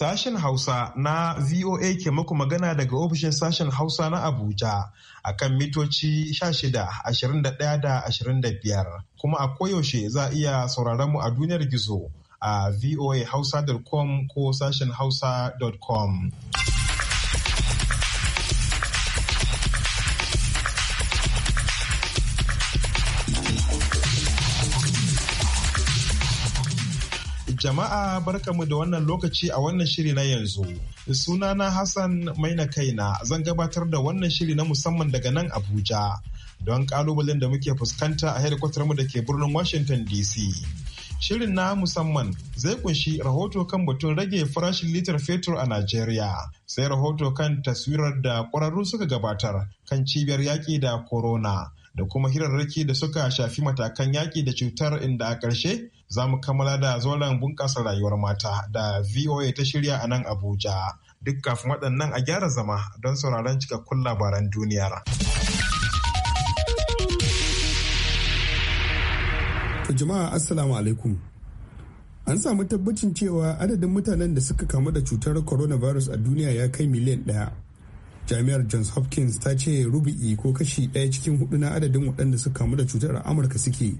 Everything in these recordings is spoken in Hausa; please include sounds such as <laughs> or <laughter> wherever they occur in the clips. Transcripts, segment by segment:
Sashen Hausa na VOA ke muku magana daga ofishin sashen Hausa na Abuja a kan mitoci 16, 21 da 25. Kuma a koyaushe za a iya sauraron mu a duniyar gizo a voahausa.com ko sashen hausa.com. Jama'a barka mu da wannan lokaci a wannan shiri na yanzu. Sunana Hassan Maina Kaina zan gabatar da wannan shiri na musamman daga nan Abuja don kalubalen da muke fuskanta a hedikwatar mu da ke birnin Washington DC. Shirin na musamman zai kunshi rahoto kan batun rage farashin litar fetur a Najeriya, sai rahoto kan taswirar da ƙwararrun suka gabatar kan cibiyar yaƙi da corona. da kuma hirarraki da suka shafi matakan yaƙi da cutar inda a ƙarshe za mu kammala da zolan bunƙasa rayuwar mata da VOA ta shirya a nan Abuja. Duk kafin waɗannan a gyara zama don sauraron cikakkun labaran duniyar. Jama'a Assalamu An samu tabbacin cewa adadin mutanen da suka kamu da cutar coronavirus a duniya ya kai miliyan ɗaya. jami'ar johns hopkins ta ce rubu'i ko kashi ɗaya cikin hudu na adadin waɗanda suka kamu da cutar a amurka suke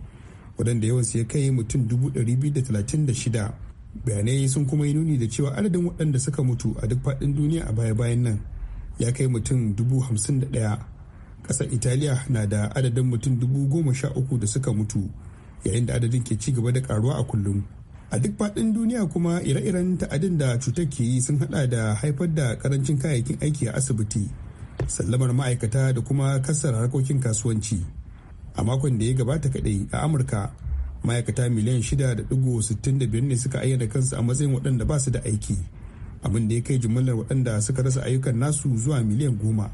waɗanda yawansu ya kai mutum 236 bayanai sun kuma yi nuni da cewa adadin waɗanda suka mutu a duk faɗin duniya a baya-bayan nan ya kai mutum dubu 51 ƙasar italiya na da adadin mutum dubu 13 da suka mutu yayin da adadin ke ci gaba da karuwa a kullum a duk faɗin duniya kuma ire-iren ta'adin da cutar ke yi sun hada da haifar da karancin kayayyakin aiki a asibiti sallamar ma'aikata da kuma kasar harkokin kasuwanci a makon da ya gabata kadai a amurka ma'aikata miliyan 6.65 ne suka ayyana kansu a matsayin waɗanda ba su da aiki abin da ya kai jimillar waɗanda suka rasa ayyukan nasu zuwa miliyan goma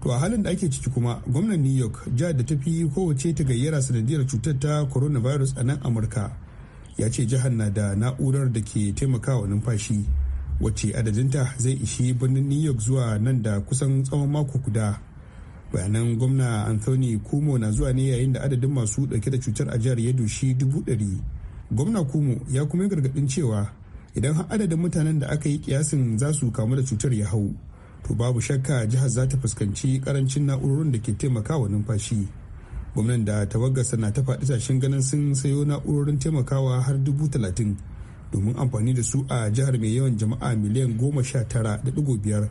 to a halin da ake ciki kuma gwamnan new york jihar da ta fi kowace ta gayyara sanadiyar cutar ta coronavirus a nan amurka ya ce jihar na da na'urar da ke taimakawa numfashi wacce adadinta zai ishi birnin new york zuwa nan da kusan tsawon mako guda bayanan gwamna anthony kumo na zuwa ne yayin da adadin masu dauke da cutar a jihar ya dushi dubu ɗari gwamna kumo ya kuma gargaɗin cewa idan har adadin mutanen da aka yi kiyasin za su kamu da cutar ya hau to babu shakka jihar za ta fuskanci karancin na'urorin da ke taimakawa numfashi gwamnan da ta tawagarsa na ta faɗi tashin ganin sun sayo na'urorin taimakawa har dubu talatin domin amfani da su a jihar mai yawan jama'a miliyan goma sha tara da digo biyar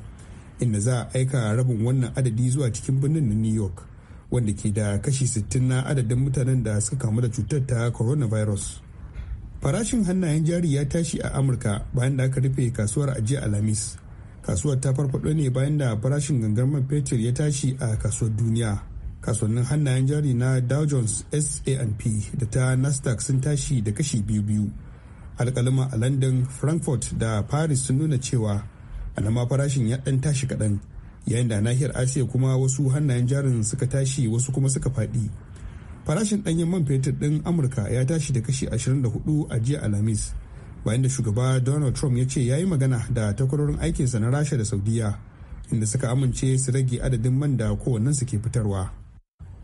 inda za a aika rabin wannan adadi zuwa cikin birnin na new york wanda ke da kashi sittin na adadin mutanen da suka kamu da cutar ta coronavirus farashin hannayen jari ya tashi a amurka bayan da aka rufe kasuwar ajiya alhamis kasuwar ta farfaɗo ne bayan da farashin gangar man fetur ya tashi a kasuwar duniya kasuwannin hannayen jari na dow jones s&p da ta nasdaq sun tashi da kashi biyu-biyu alkalima a london frankfurt da paris sun nuna cewa anama farashin ya dan tashi kaɗan yayin da nahiyar asiya kuma wasu hannayen jarin suka tashi wasu kuma suka faɗi farashin ɗanyen man fetur ɗin amurka ya tashi da kashi 24 a jiya alhamis bayan da shugaba donald trump ya ce ya yi magana da takwarorin aikinsa na rasha da saudiya inda suka amince su rage adadin man da kowannensu ke fitarwa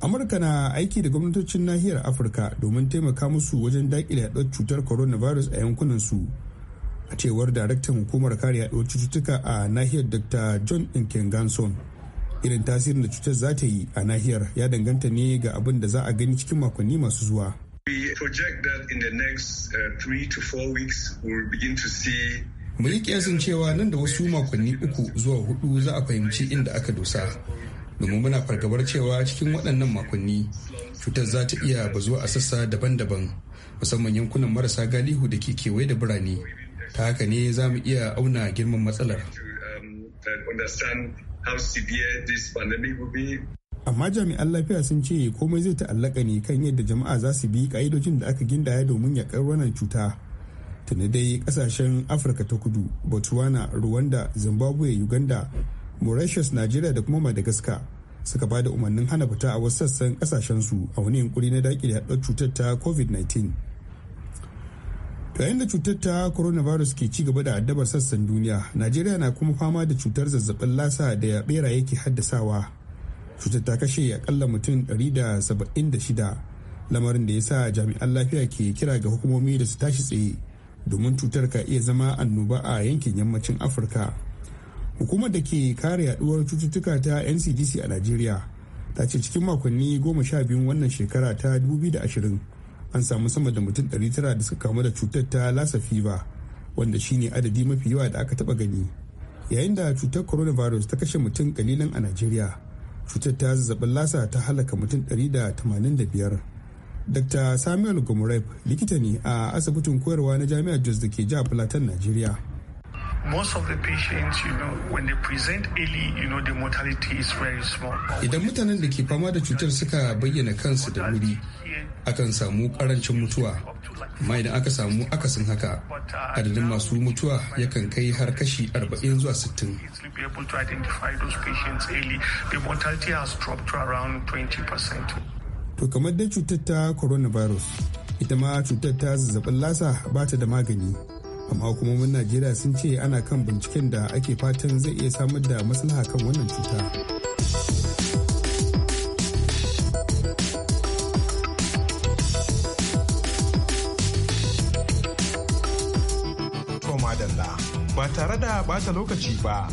amurka na aiki da gwamnatocin nahiyar afirka domin taimaka musu wajen daƙile yaɗuwar cutar coronavirus a yankunan su a cewar daraktan hukumar kare yaɗuwar cututtuka a nahiyar dr john inkenganson irin tasirin da cutar za ta yi a nahiyar ya danganta ne ga abin da za a gani cikin makonni masu zuwa uh, mu yi kiyasin cewa nan da wasu makonni uku zuwa hudu za a fahimci inda aka dosa domin muna fargabar cewa cikin waɗannan makonni cutar za ta iya bazuwa a sassa daban-daban musamman yankunan marasa galihu da ke kewaye da birane ta haka ne za mu iya auna girman matsalar amma jami'an lafiya sun ce komai zai ta'allaka ne kan yadda jama'a za su bi ka'idojin da aka gindaya domin yakar wannan cuta tuni dai kasashen afirka ta kudu botswana rwanda zimbabwe uganda mauritius najeriya da kuma madagascar suka ba da umarnin hana fita a wasu sassan su a wani yunkuri na daƙile yaɗuwar cutar ta covid-19 yayin da cutar ta coronavirus ke ci gaba da addabar sassan duniya najeriya na kuma fama da cutar zazzabin lasa da beraye yake haddasawa cutar ta kashe akalla mutum 176 lamarin da ya sa jami'an lafiya ke kira ga hukumomi da su tashi tsaye domin cutar ka iya zama annoba a yankin yammacin afirka hukumar da ke kare yaduwar cututtuka ta ncdc a najeriya ta ce cikin makonni goma sha biyun wannan shekara ta 2020 an samu sama da mutum 900 da suka kamu da cutar ta lasa fever wanda shine adadi mafi yawa da aka taba gani yayin da cutar coronavirus ta kashe mutum kalilan a najeriya cutar ta zazzabin lasa ta halaka mutum 185 dr samuel gomurai likita ne a asibitin koyarwa na jami'ar jos da ke jihar plateau najeriya most of the patients, you present early, you mortality is very small. Idan mutanen da ke fama da cutar suka bayyana kansu da wuri, akan samu karancin mutuwa. Amma idan aka samu akasin haka, adadin masu mutuwa yakan kai har kashi 40 zuwa 60. To kamar dai cutar ta coronavirus, ita ma cutar ta zazzabin lasa ba ta da magani. amma hukumomin najeriya sun ce ana kan binciken da ake fatan zai iya samar da maslaha kan wannan cuta ba tare da bata lokaci ba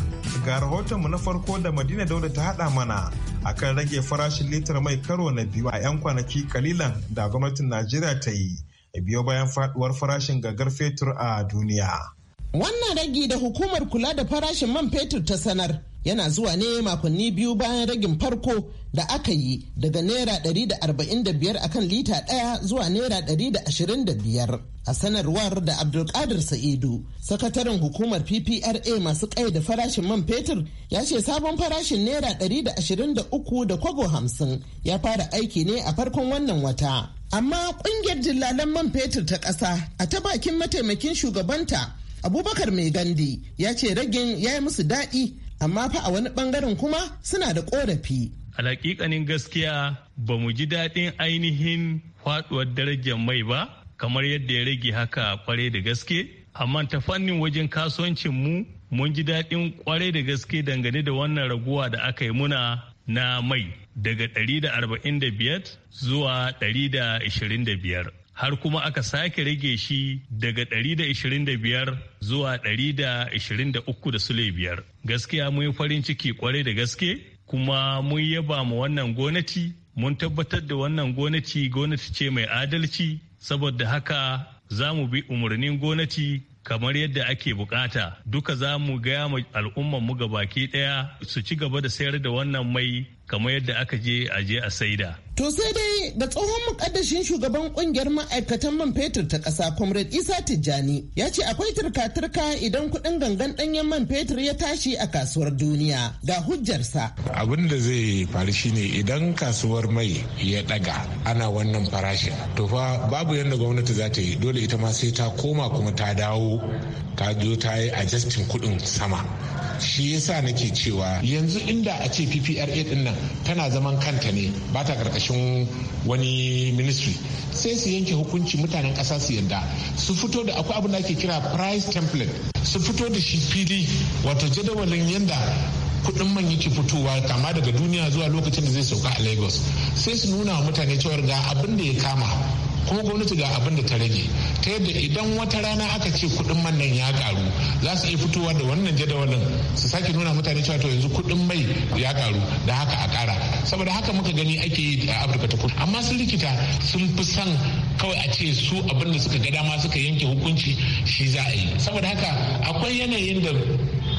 ga rahotonmu na farko da madina dauda ta hada mana akan rage farashin litar mai karo na biyu a 'yan kwanaki kalilan da gwamnatin najeriya ta yi biyo bayan faduwar farashin gagar fetur a duniya. Wannan ragi da hukumar kula da farashin man fetur ta sanar yana zuwa ne makonni biyu bayan ragin farko da aka yi daga naira 145 kan lita ɗaya zuwa naira 125 a sanarwar da abdulkadir sa'idu sakataren hukumar ppra masu kai da farashin man fetur ya ce sabon farashin naira 123 da kwago 50 ya fara aiki ne a farkon wannan wata amma kungiyar dillalan man fetur ta ƙasa a ta bakin mataimakin shugabanta abubakar mai gandi ya ce ragin ya yi musu daɗi amma fa a wani bangaren kuma suna da ƙorafi alaƙiƙanin gaskiya ba mu ji daɗin ainihin faɗuwar darajar mai ba kamar yadda ya rage haka kwarai da gaske amma ta fannin wajen kasuwancin mu mun ji daɗin kwarai da gaske dangane da wannan raguwa da aka yi muna na mai daga 145 zuwa 125 har kuma aka sake rage shi daga 125 zuwa 123 da sule biyar. Gaskiya mun farin ciki kwarai da gaske kuma mun yaba ma wannan gonaci mun tabbatar da wannan gonaci gonaci ce mai adalci saboda haka za mu bi umarnin gonaci kamar yadda ake bukata duka za mu gaya ma al'umman mu baki daya su ci gaba da sayar da wannan mai kamar yadda aka je a je a saida To sai dai da tsohon mukaddashin shugaban kungiyar ma'aikatan man fetur ta ƙasa Comrade Isa Tijjani ya ce akwai turka-turka idan kuɗin gangan ɗanyen man fetur ya tashi a kasuwar duniya ga hujjarsa. Abin da zai faru shine idan kasuwar mai ya ɗaga ana wannan farashin. To fa babu yadda gwamnati za ta yi dole ita ma sai ta koma kuma ta dawo ta zo ta yi adjustin kuɗin sama. Shi yasa nake cewa yanzu inda a ce PPRA ɗin nan tana zaman kanta ne ba ta karkashin ƙarƙashin wani ministry sai su yanke hukunci mutanen ƙasa su yarda su fito da akwai abin da ake kira price template su fito da shi fili wato jadawalin yadda kudin man yake fitowa kama daga duniya zuwa lokacin da zai sauka a lagos sai su nuna wa mutane cewar ga abin da ya kama kuma gwamnati ga abin da ta rage ta yadda idan wata rana aka ce kuɗin man nan ya karu za su iya fitowa da wannan jadawalin su sake nuna mutane cewa to yanzu kuɗin mai ya karu da haka a kara saboda haka muka gani ake yi a afirka ta kudu amma sun likita sun fi son kawai a ce su abin da suka ga dama suka yanke hukunci shi za a yi saboda haka akwai yanayin da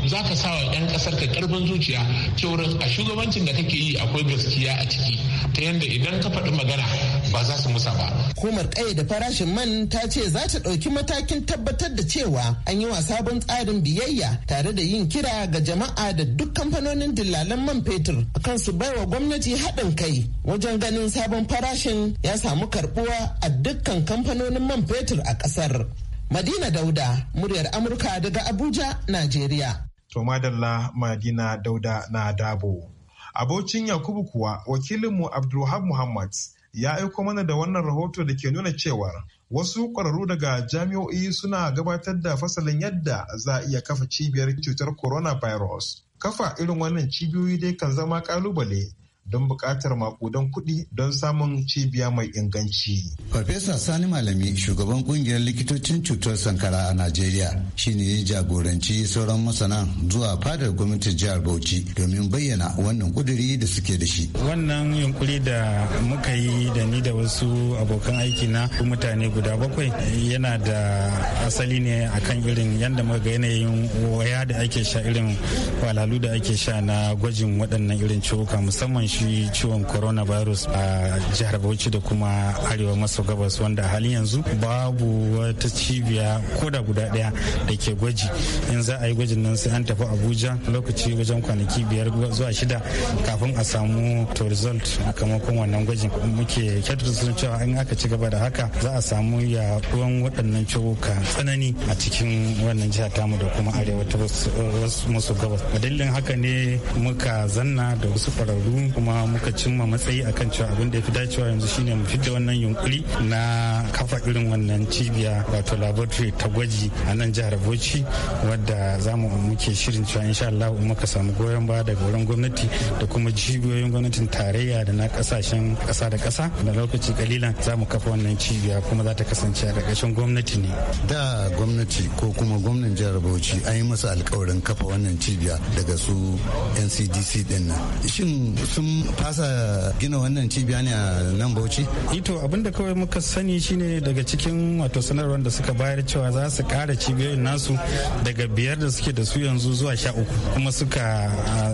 za ka sa wa 'yan kasar ka karfin zuciya cewar a shugabancin da kake yi akwai gaskiya a ciki ta yadda idan ka faɗi magana ba za su musa ba. Hukumar da farashin man ta ce za ta ɗauki matakin tabbatar da cewa an yi wa sabon tsarin biyayya tare da yin kira ga jama'a da duk kamfanonin dillalan man fetur akan su baiwa gwamnati haɗin kai wajen ganin sabon farashin ya samu karɓuwa a dukkan kamfanonin man fetur a ƙasar. Madina Dauda, muryar Amurka daga Abuja, Najeriya. To madalla Madina Dauda na Dabo. Abocin Yakubu kuwa wakilinmu Abdulwahab Muhammad ya aiko mana da wannan rahoto da ke nuna cewa wasu ƙwararru daga jami'o'i suna gabatar da fasalin yadda za a iya kafa cibiyar cutar coronavirus. Kafa irin wannan cibiyoyi dai kan zama ƙalubale don buƙatar makudan kuɗi don samun cibiya mai inganci. Farfesa Sani Malami shugaban ƙungiyar likitocin cutar sankara a Najeriya shine ya jagoranci sauran masana zuwa fadar gwamnatin jihar Bauchi domin bayyana wannan ƙuduri da suke da shi. Wannan yunkuri da muka yi da ni da wasu abokan aiki na mutane guda bakwai yana da asali ne akan irin yadda muka ga yanayin waya da ake sha irin walalu da ake sha na gwajin waɗannan irin ciwuka musamman shi ciwon coronavirus a jihar Bauchi da kuma arewa maso gabas wanda halin yanzu babu wata cibiya koda guda daya da ke gwaji in za a yi gwajin nan sai an tafi Abuja lokaci wajen kwanaki biyar zuwa shida kafin a samu to result kamakon wannan gwajin muke kyautar sun cewa in aka ci gaba da haka za a samu ya ruwan waɗannan ciwuka tsanani a cikin wannan jihar tamu da kuma arewa ta maso gabas dalilin haka ne muka zanna da wasu ƙwararru kuma muka cimma matsayi a kan cewa abin da ya fi dacewa yanzu shine mu fidda wannan yunkuri na kafa irin wannan cibiya wato laboratory ta gwaji a nan jihar Bauchi wadda za mu muke shirin cewa insha Allah in muka samu goyon baya daga wurin gwamnati da kuma cibiyoyin gwamnatin tarayya da na kasashen kasa da kasa da lokaci kalilan za mu kafa wannan cibiya kuma za ta kasance a ƙarƙashin gwamnati ne. Da gwamnati ko kuma gwamnan jihar Bauchi an yi masa alkawarin kafa wannan cibiya daga su NCDC din nan. Shin sun fasa gina wannan cibiya ne a nan bauchi ito abinda kawai muka sani shine daga cikin wato sanarwar da suka bayar cewa za su kara cibiyoyin nasu daga biyar da suke da su yanzu zuwa sha uku kuma suka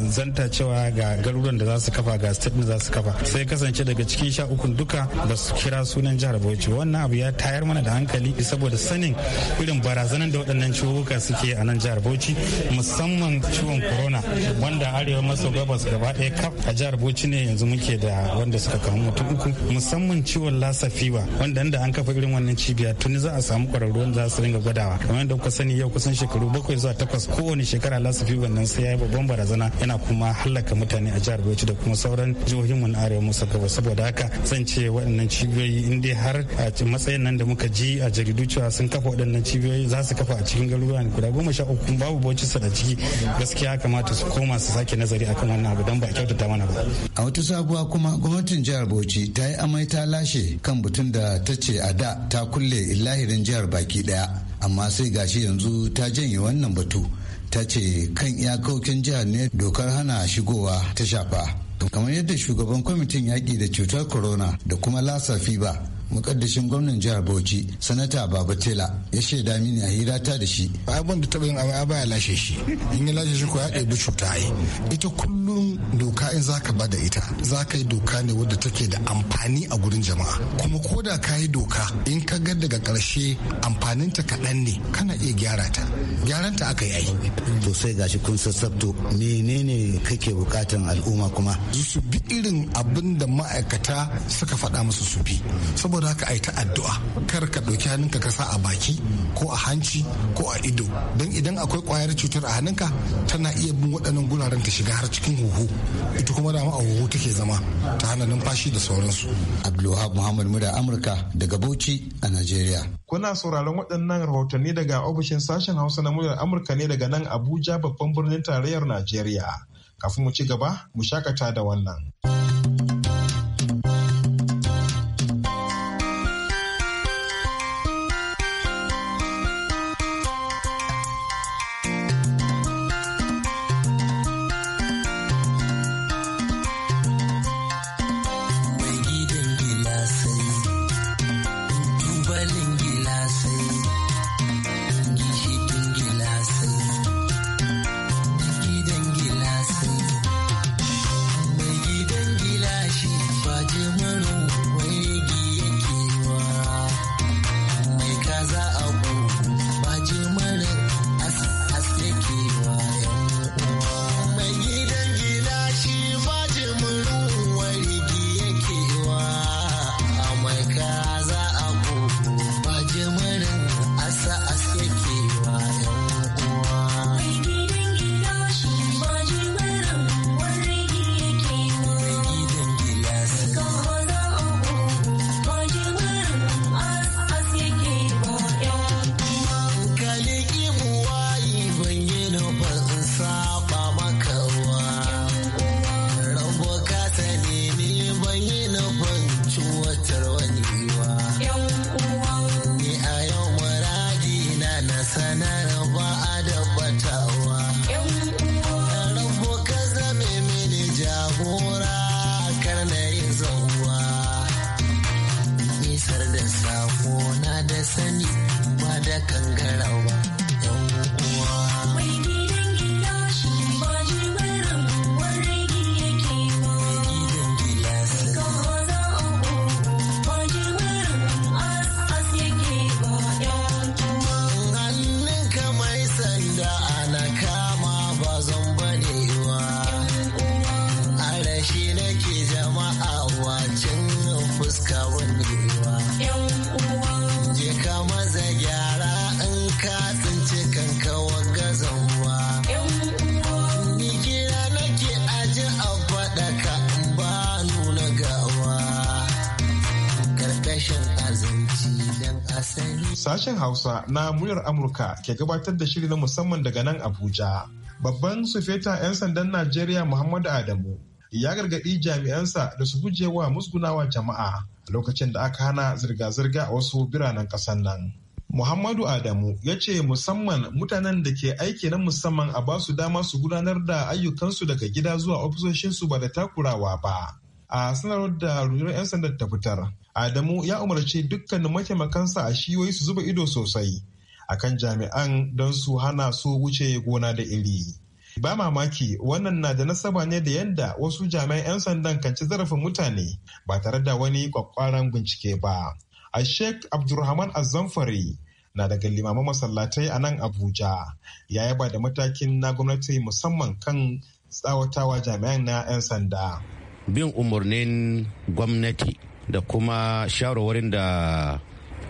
zanta cewa ga garuruwan da za su kafa ga state da za su kafa sai kasance daga cikin sha uku duka ba su kira sunan jihar bauchi wannan abu ya tayar mana da hankali saboda sanin irin barazanan da waɗannan ciwuka suke a nan jihar bauchi musamman ciwon corona wanda arewa maso gabas gaba ɗaya kaf a jihar bauchi bauchi ne yanzu muke da wanda suka kamu mutum uku musamman ciwon lasa fiwa wanda inda an kafa irin wannan cibiya tuni za a samu kwararruwan za su ringa gwadawa kamar yadda kuka sani yau kusan shekaru bakwai zuwa takwas kowane shekara lasa fiwa nan sai ya yi babban barazana yana kuma halaka mutane a jihar bauchi da kuma sauran jihohin mu na arewa musa gaba saboda haka zan ce waɗannan cibiyoyi in dai har a matsayin nan da muka ji a jaridu cewa sun kafa waɗannan cibiyoyi za su kafa a cikin garuruwa guda goma sha uku babu bauchi su da ciki gaskiya kamata su koma su sake nazari akan wannan abu don ba kyautata mana ba a wata sabuwa kuma gwamnatin jihar bauchi ta yi amai ta lashe kan butun da ta ce a da ta kulle lahirin jihar baki daya amma sai gashi yanzu ta janye wannan batu ta ce kan iyakokin jihar ne dokar hana shigowa ta shafa kamar yadda shugaban kwamitin yaƙi da cutar corona da kuma lasa fiba mukaddashin gwamnan jihar bauchi sanata baba tela ya shaida mini a hira ta da shi abin da taɓa yin amai ba lashe shi in ya lashe shi ko ya ɗebi cuta yi ita kullum doka in zaka bada ita zaka yi doka ne wadda take da amfani a gurin jama'a kuma ko da ka yi doka in ka ga daga ƙarshe ta kaɗan ne kana iya gyara ta gyaran ta aka yi ai to sai gashi kun sassabto menene kake bukatan al'umma kuma su bi irin abin da ma'aikata suka faɗa musu su bi saboda saboda ka aita addu'a kar ka ɗauki hannun ka kasa a baki ko a hanci ko a ido don idan akwai kwayar cutar a hannun ka tana iya bin waɗannan guraren ta shiga har cikin huhu ita kuma dama a huhu take zama ta hana numfashi da sauransu abdulwahab muhammad muda amurka daga bauchi a nigeria kuna sauraron waɗannan rahotanni daga ofishin sashen hausa na muryar amurka ne daga nan abuja babban birnin tarayyar najeriya kafin mu ci gaba mu shakata da wannan. sanar ba a da batawa Sashen Hausa na muryar Amurka ke gabatar da shiri na musamman daga nan Abuja. Babban sufeta 'yan sandan Najeriya Muhammadu Adamu ya gargaɗi jami'ansa da su guje wa musgunawa jama'a lokacin da aka hana zirga-zirga a wasu biranen ƙasar nan. Muhammadu Adamu ya ce musamman mutanen da ke aiki na musamman a ba su dama su gudanar da ayyukansu daga gida zuwa ofisoshinsu ba da takurawa ba. a sanarwar da rundunar 'yan sanda ta fitar adamu ya umarci dukkanin mataimakansa a shiyoyi su zuba ido sosai akan jami'an don su hana su wuce gona da iri ba mamaki wannan na da nasaba ne da yadda wasu jami'an 'yan sandan kan ci zarafin mutane ba tare da wani kwakwaran bincike ba a sheikh abdulrahman azamfari na daga limaman masallatai a nan abuja ya yaba da matakin na gwamnati musamman kan tsawatawa jami'an na 'yan sanda bin umarnin gwamnati da kuma shawarwarin da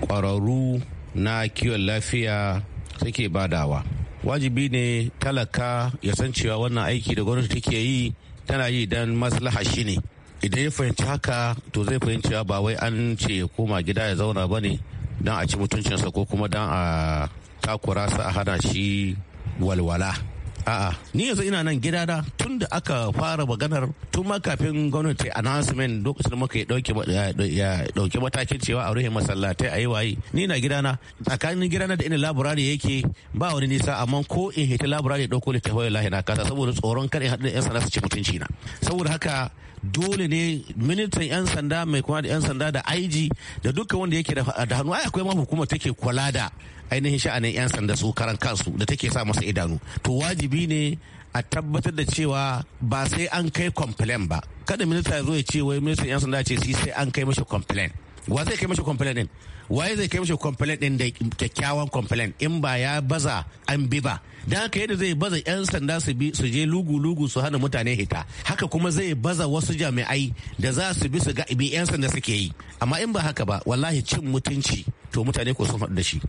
ƙwararru na kiwon lafiya suke badawa wajibi ne talaka ya san cewa wannan aiki da gwamnati take yi tana yi don maslaha shi ne idan ya fahimci haka to zai fahimci ba wai an ce koma gida ya zauna ba ne don a ci mutuncinsa ko kuma don a takura sa a hana shi walwala A'a, ni yanzu ina nan gida da tun da aka fara maganar tun ma kafin gwamnati announcement lokacin muka ya dauke matakin cewa a rufe masallatai a yi waye. Ni na gida na tsakanin gida na da ina laburare yake ba wani nisa amma ko in hita laburare dauko littafin lahi na kasa saboda tsoron kar in haɗu da yan sana su ci mutunci na. Saboda haka dole ne ministan 'yan sanda mai kuma da 'yan sanda da IG da dukkan wanda yake da hannu ai akwai ma hukumar take kula da ainihin sha'anin 'yan sanda su karan kansu da take sa masa idanu to wajibi ne a tabbatar da cewa ba sai an kai complain ba kada minista ya zo ya ce wai ministan 'yan sanda ce sai an kai mashi complain wa zai kai mashi complaint din wa zai kai mashi complaint din da kyakkyawan complaint in ba ya baza an bi ba da haka yadda zai baza yan sanda su bi su je lugu lugu su hana mutane hita haka kuma zai baza wasu jami'ai da za su bi su ga bi yan sanda suke yi amma in ba haka ba wallahi cin mutunci to mutane ko sun faɗi da shi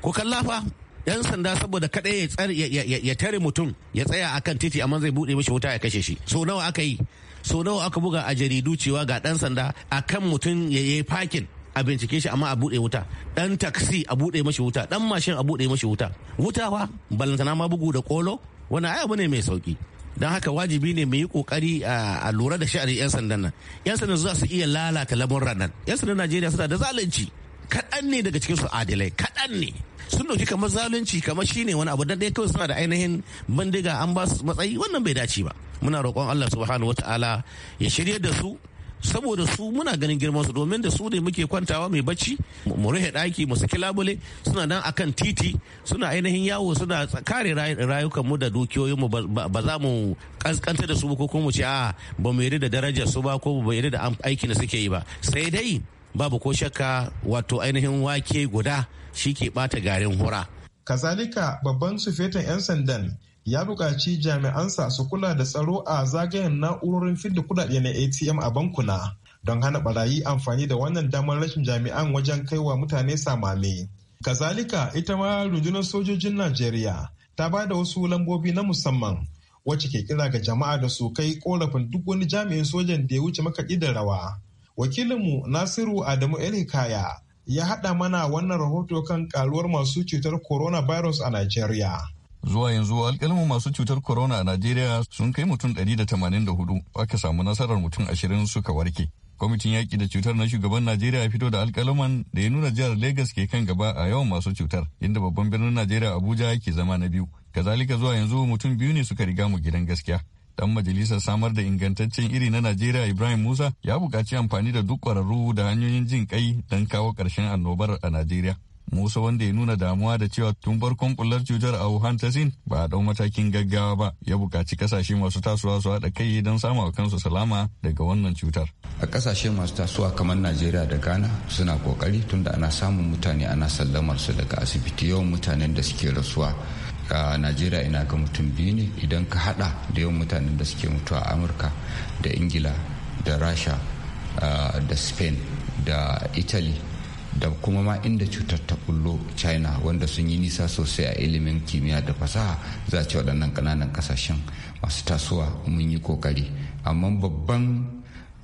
ko kallafa yan sanda saboda kadai ya tare mutum ya tsaya akan titi amma zai buɗe mishi wuta ya kashe shi so nawa aka yi so nawa aka buga a jaridu cewa ga dan sanda a kan mutum ya yi fakin a bincike shi amma a buɗe wuta dan taksi a buɗe mashi wuta dan mashin a buɗe mashi wuta wuta fa balantana ma bugu da kolo wani ai abu ne mai sauki dan haka wajibi ne mu yi kokari a lura da sha'ani 'yan sandan nan 'yan sandan za su iya lalata lamurran nan 'yan sandan najeriya suna da zalunci kaɗan ne daga cikin su adilai kaɗan ne sun dauki kamar zalunci kamar shine wani abu da dai kawai suna da ainihin bindiga an ba su matsayi wannan bai dace ba muna roƙon Allah subhanahu wataala ya shirye da su saboda su muna ganin girman su domin da su ne muke kwantawa mai bacci mu rufe daki mu saki labule suna nan akan titi suna ainihin yawo suna kare rayukan mu da dukiyoyin mu ba za mu kaskanta da su ko kuma mu ce a ba mu yarda da darajar su ba ko ba yarda da aikin da suke yi ba sai dai babu ko shakka wato ainihin wake guda shi ke bata garin hura. Kazalika babban sufetan 'yan sandan ya buƙaci jami'ansa su kula da tsaro a zagayen na'urorin fidda kudade na ATM a bankuna don hana barayi amfani da wannan damar rashin jami'an wajen kaiwa mutane samame. Kazalika ita ma rundunar sojojin Najeriya ta ba da wasu lambobi na musamman wacce ke kira ga jama'a da su kai korafin duk wani jami'in sojan da ya wuce maka da rawa. Wakilinmu Nasiru Adamu Elikaya. ya haɗa mana wannan rahoto kan karuwar masu cutar coronavirus a Najeriya. Zuwa yanzu alƙalmin masu cutar corona a Najeriya sun kai mutum 184 aka samu nasarar mutum 20 suka warke. Kwamitin yaƙi da cutar na shugaban Najeriya ya fito da alƙalaman da ya nuna jihar Legas ke kan gaba a yawan masu cutar, inda babban birnin Najeriya Abuja yake zama na biyu. Kazalika zuwa yanzu mutum biyu ne suka riga mu gidan gaskiya. dan majalisar samar da ingantaccen iri na najeriya ibrahim musa ya buƙaci amfani da duk ƙwararru da hanyoyin jin kai don kawo ƙarshen annobar a najeriya musa wanda ya nuna damuwa da cewa tun farkon kullar cutar a wuhan ta sin ba a dau matakin gaggawa ba ya buƙaci ƙasashe masu tasowa su haɗa kai don samun kansu salama daga wannan cutar a ƙasashe masu tasowa kamar najeriya da ghana suna ƙoƙari tunda ana samun mutane ana sallamar su daga asibiti yawan mutanen da suke rasuwa a najeriya ina ga mutum biyu ne idan ka hada da yawan mutanen da suke mutuwa a amurka da ingila da rasha da spain da italy da kuma ma inda cutar ta bullo china wanda sun yi nisa sosai a ilimin kimiyya da fasaha za a ce waɗannan ƙananan ƙasashen masu tasowa mun yi ƙoƙari amma babban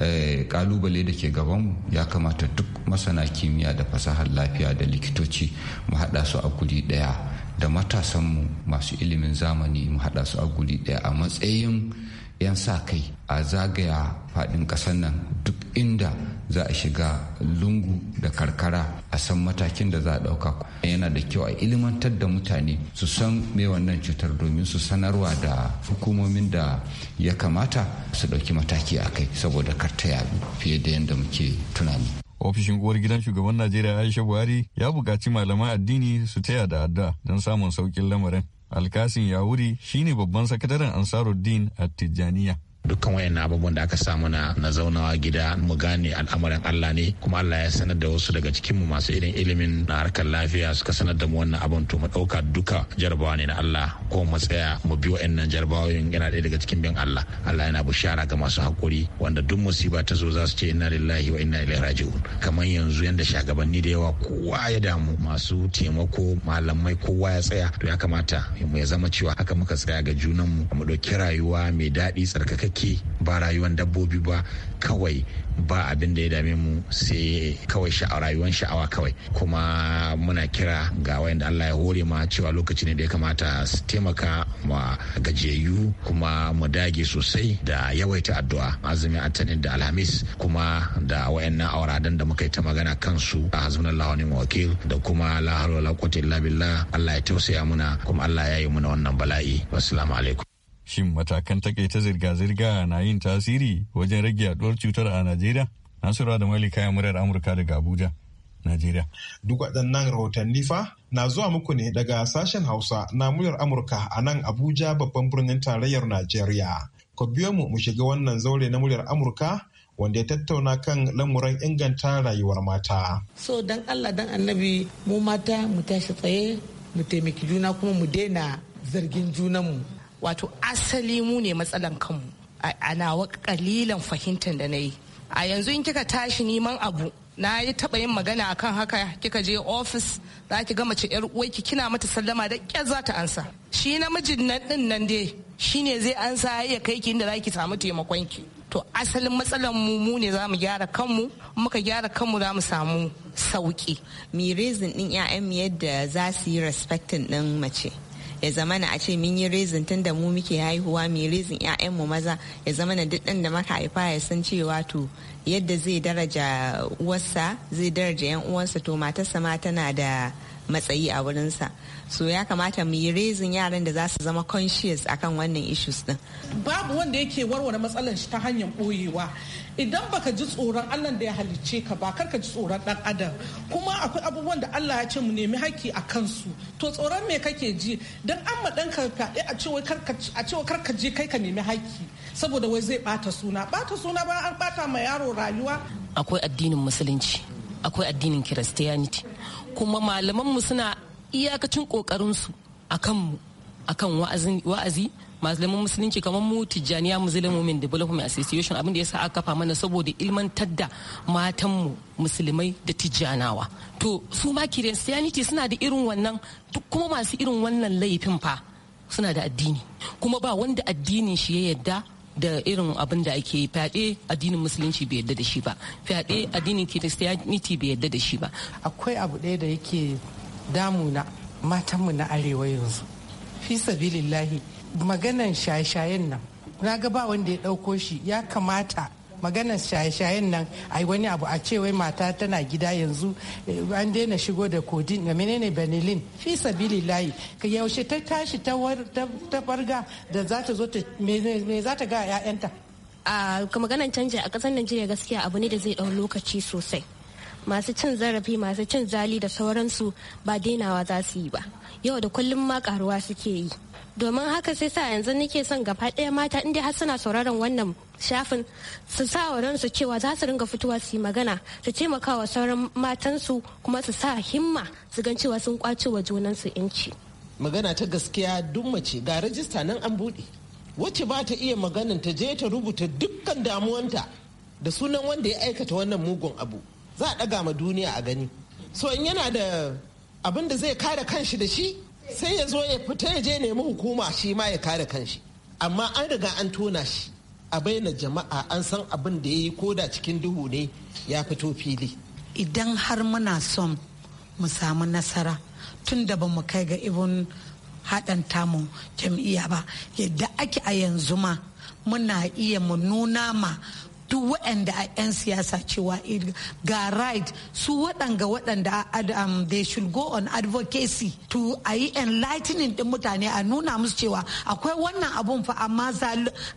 eh, ƙalubale da ke gabanmu ya kamata duk masana kimiyya da fasahar lafiya da likitoci mu haɗa su a guri ɗaya da matasanmu masu ilimin zamani mu haɗa su a guri ɗaya a matsayin 'yan sa kai a zagaya faɗin ƙasar nan duk inda za a shiga lungu da karkara a san matakin da za a ɗauka yana da kyau a ilimantar da mutane su san me wannan cutar domin su sanarwa da hukumomin da ya kamata su ɗauki mataki a kai saboda kar ta yaɗu fiye da yadda muke tunani ofishin uwar gidan shugaban najeriya aisha buhari ya buƙaci malaman addini su taya da adda don samun sauƙin lamarin alkasin yawuri shine babban sakataren ansarudin a tijjaniya dukkan wayannan abubuwan da aka samu na na zaunawa gida mu gane al'amarin Allah ne kuma Allah ya sanar da wasu daga cikin mu masu irin ilimin na harkar lafiya suka sanar da mu wannan abun to mu dauka duka jarabawa ne na Allah ko mu tsaya mu bi wayannan jarabawoyin yana ɗaya daga cikin bin Allah Allah yana bushara ga masu hakuri wanda duk musiba ta zo za su ce inna lillahi wa inna ilaihi raji'un kamar yanzu yanda shagabanni da yawa kowa ya damu masu taimako malamai kowa ya tsaya to ya kamata mu ya zama cewa haka muka tsaya ga junan mu ɗauki rayuwa mai daɗi tsarkakakke ke ba rayuwan dabbobi ba kawai ba abin da ya dame mu sai kawai rayuwan sha'awa kawai kuma muna kira ga wayan da Allah ya hore ma cewa lokaci ne da ya kamata su taimaka ma gajiyayyu kuma mu dage sosai da yawaita addu'a azumin antanin da alhamis kuma da wayannan auradan da muka yi ta magana kansu a hazmunan lawanin wakil da kuma la hawla la Allah ya tausaya muna kuma Allah ya yi muna wannan bala'i wasu alaikum Shin matakan takaita zirga-zirga na yin tasiri wajen rage yaduwar cutar a Najeriya? Nasiru da Mali kayan murar Amurka daga Abuja, Najeriya. Duk waɗannan rahotanni fa na zuwa muku ne daga sashen Hausa na muryar Amurka a nan Abuja babban birnin tarayyar Najeriya. Ku biyo mu mu shiga wannan zaure na muryar Amurka wanda ya tattauna kan lamuran inganta rayuwar mata. So dan Allah dan annabi mu mata mu tashi tsaye mu taimaki juna kuma mu daina zargin junanmu. wato asali mu ne matsalan kanmu a nawa kalilan fahimtar da na yi a yanzu in kika tashi neman abu na yi taɓa yin magana akan haka kika je ofis za ki gama ci yar uwarki kina mata sallama da kyar za ta ansa shi namijin nan ɗin nan dai ne zai ansa ya kai ki inda za ki samu taimakon ki to asalin matsalar mu mu ne za mu gyara kanmu muka gyara kanmu za mu samu sauki mi reason din 'ya'yan yadda za su yi respecting din mace ya zamana a ce mun yi rezin tun da mu muke haihuwa mu rezin mu maza ya zamana duk ɗan da maka haifa ya san cewa to yadda zai daraja uwarsa zai daraja yan uwansa to matarsa ma tana da matsayi a wurinsa so ya kamata mu yi rezin yaran da za su zama conscious akan wannan issues din babu wanda yake warware matsalar shi ta hanyar boyewa idan baka ji tsoron Allah da ya halicce ka ba karka ji tsoron dan adam kuma akwai abubuwan da Allah ya ce mu nemi haƙƙi a kansu to tsoron me kake ji dan an ma dan a cewa karka a cewa karka je kai ka nemi haƙƙi saboda wai zai bata suna bata suna ba an bata ma yaro rayuwa akwai addinin musulunci akwai addinin kiristiyaniti kuma malamanmu suna iyakacin ƙoƙarinsu a kanmu a kan wa'azi malaman musulunci kamar mu tijjaniya muslim women development association abin da yasa aka kafa mana saboda ilmantar da matanmu musulmai da tijjanawa to su ma christianity suna da irin wannan duk kuma masu irin wannan laifin fa suna da addini kuma ba wanda addinin shi ya yadda da irin abin da ake fyaɗe addinin musulunci bai yadda da shi ba fyaɗe addinin kiristiyaniti bai yadda da shi ba akwai abu ɗaya da yake damuna matanmu na arewa yanzu fi sabilillahi maganan shaye-shayen nan na ga ba wanda ya ɗauko shi ya kamata maganar shaye-shayen nan ai wani abu a ce wai mata tana gida yanzu eh, an daina shigo da kodin ga menene benilin fi sabili layi ka yaushe ta tashi ta barga da za ta zo ta me za ta ga 'ya'yanta a maganar canji a ƙasar najeriya gaskiya abu ne da zai ɗau lokaci sosai masu cin zarafi masu cin zali da sauransu ba dainawa za su yi ba yau da kullum ma karuwa suke yi domin haka sai sa yanzu nake son gaba ɗaya mata inda har suna sauraron wannan shafin su sa wa su cewa za su ringa fitowa su yi magana su taimakawa sauran matansu kuma su sa himma su gan cewa sun kwace wa junansu yanci. magana ta gaskiya duk mace ga rajista nan an buɗe wacce ba ta iya maganan ta je ta rubuta dukkan damuwanta da sunan wanda ya aikata wannan mugun abu za a ɗaga ma duniya a gani so in yana da abin da zai kare kanshi da shi sai ya zo ya fita ya je nemi hukuma shi ma ya kare kanshi amma an riga an tona shi a bayyana jama'a an san abin da ya yi da cikin duhu ne ya fito fili idan har muna son mu samu nasara tun da ba mu kai ga ibin haɗan tamu jam'iyya ba yadda ake a yanzu ma muna iya mu nuna ma duk waɗanda a 'yan siyasa cewa ga right su waɗanga waɗanda um, they should go on advocacy to a yi enlightening ɗin mutane a nuna musu cewa akwai wannan abun fa amma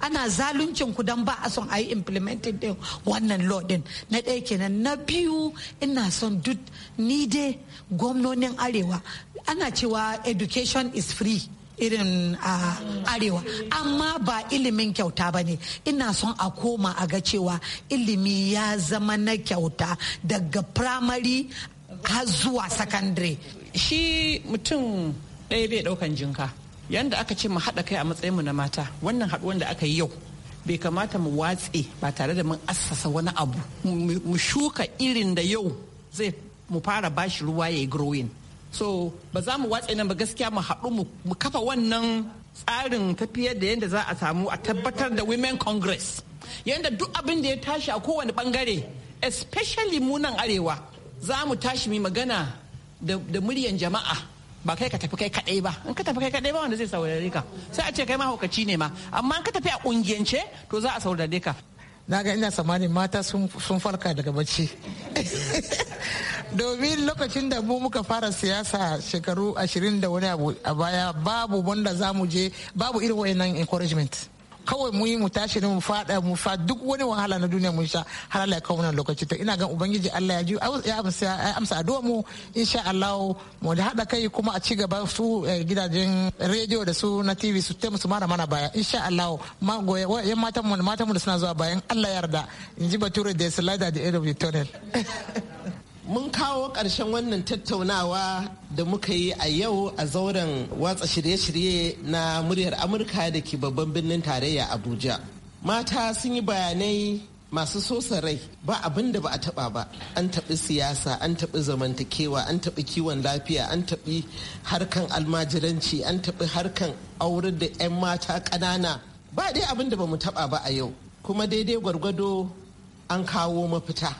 ana zaluncin ku don ba a son a yi implementing din wannan law din na ɗaya kenan na biyu ina son duk ni dai gwamnonin arewa ana cewa education is free irin a arewa amma ba ilimin kyauta ba ne ina son a koma a ga cewa ilimi ya zama na kyauta daga primary har zuwa secondary shi mutum ɗaya bai ɗaukan jinka yadda aka ce mu haɗa kai a matsayin mu na mata wannan haɗuwan da aka yi yau bai kamata mu watse ba tare da mun assasa wani abu mu shuka irin da yau zai mu fara bashi ruwa ya yi growing so ba za mu watse nan ba gaskiya mu haɗu mu kafa wannan tsarin tafiyar da yadda za a samu a tabbatar da women congress yadda duk abin da ya tashi a kowane bangare especially munan arewa za mu tashi mai magana da, muryan jama'a ba kai ka tafi kai kadai ba in ka tafi kai kadai ba wanda zai saurare ka sai a ce kai ma mahaukaci ne ma amma in ka tafi a kungiyance to za a saurare ka na ga ina tsammanin mata sun farka daga bacci <laughs> domin lokacin da mu muka fara siyasa shekaru ashirin da wani a baya babu wanda za mu je babu irin wayannan encouragement kawai mu yi mu tashi ne mu fada mu fa duk wani wahala na duniya mun sha har Allah ya kawo lokaci to ina ga ubangiji Allah ya ji ya amsa addu'a mu insha Allah mu da hada kai kuma a ci gaba su eh, gidajen rediyo da su na TV su ta su mara mana baya insha Allah goye yan matan mu matan mu da suna zuwa bayan Allah yarda in ji bature da slida da air of tunnel <laughs> mun kawo ƙarshen wannan tattaunawa da muka yi a yau a zauren watsa shirye-shirye na muryar amurka da ke babban birnin tarayya abuja mata sun yi bayanai masu sosa rai ba abin da ba a taba ba an taɓi siyasa an taɓi zamantakewa an taɓi kiwon lafiya an taɓi harkan almajiranci an taɓi harkan aurar da 'yan mata ƙanana ba dai abin da ba mu taɓa ba a yau kuma daidai gwargwado an kawo mafita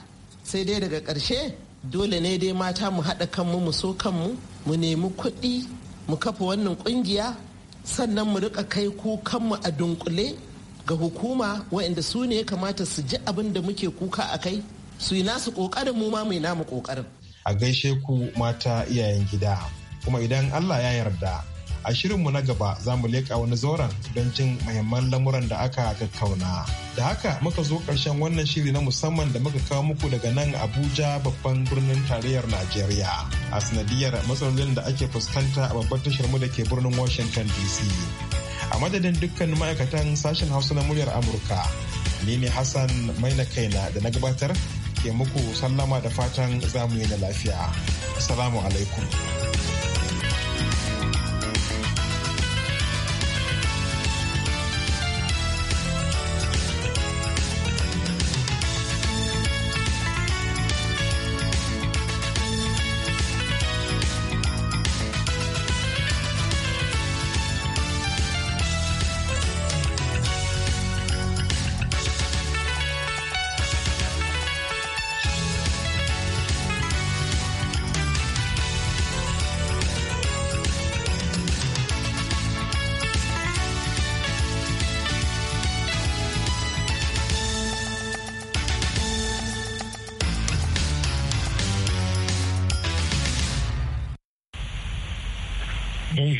sai dai daga ƙarshe dole ne dai mata mu haɗa kanmu mu so kanmu mu nemi kuɗi mu kafa wannan ƙungiya sannan mu rika kai kukanmu a dunkule ga hukuma waɗanda su ne ya kamata su ji abin da muke kuka a kai su yi nasu ƙoƙarin mu ma mu yi namu ƙoƙarin. a gaishe ku mata iyayen gida kuma idan allah ya yarda a shirinmu na gaba za mu leƙa wani zauren don cin mahimman lamuran da aka tattauna. Da haka muka zo ƙarshen wannan shiri na musamman da muka kawo muku daga nan Abuja babban birnin tarayyar Najeriya. A sanadiyar matsalolin da ake fuskanta a babbar tashar mu da ke birnin Washington DC. A madadin dukkan ma'aikatan sashen Hausa na muryar Amurka. Ni ne Hassan Maina Kaina da na gabatar ke muku sallama da fatan zamu yi na lafiya. Assalamu alaikum.